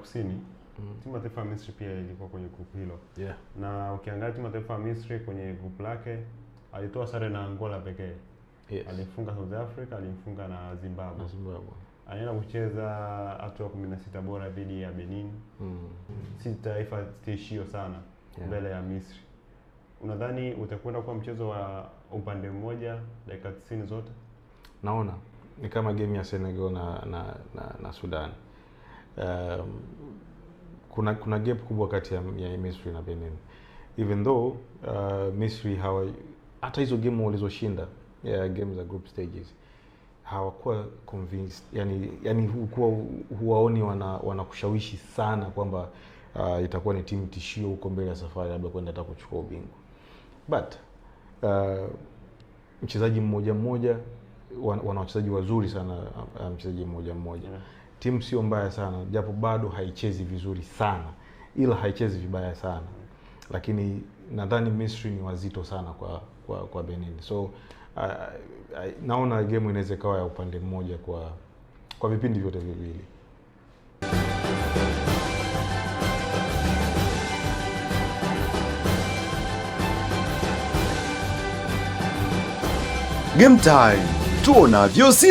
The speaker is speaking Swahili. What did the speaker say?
Kusini mm. timu ya taifa ya Misri pia ilikuwa kwenye grupu hilo yeah. na ukiangalia timu ya taifa ya Misri kwenye grupu lake alitoa sare na Angola pekee yes. alimfunga South Africa, alimfunga na Zimbabwe, Zimbabwe. Anaenda kucheza hatua kumi na sita bora dhidi ya Benin mm. si taifa tishio sana yeah. mbele ya Misri. Unadhani utakwenda kuwa mchezo wa upande mmoja dakika 90 zote? Naona ni kama game ya Senegal na, na, na, na Sudan um, kuna kuna gap kubwa kati ya, ya Misri na Benin even though uh, Misri hawa hata hizo game walizoshinda yeah, game za group stages hawakuwa convinced yani, yani hukuwa huwaoni wana wanakushawishi sana kwamba uh, itakuwa ni timu tishio huko mbele ya safari labda kwenda hata kuchukua ubingwa but uh, mchezaji mmoja mmoja wana wachezaji wazuri sana uh, mchezaji mmoja mmoja yeah timu sio mbaya sana, japo bado haichezi vizuri sana, ila haichezi vibaya sana, lakini nadhani Misri ni wazito sana kwa kwa, kwa Benin so uh, naona game inaweza ikawa ya upande mmoja kwa kwa vipindi vyote viwili. Game time tuonavyo sisi.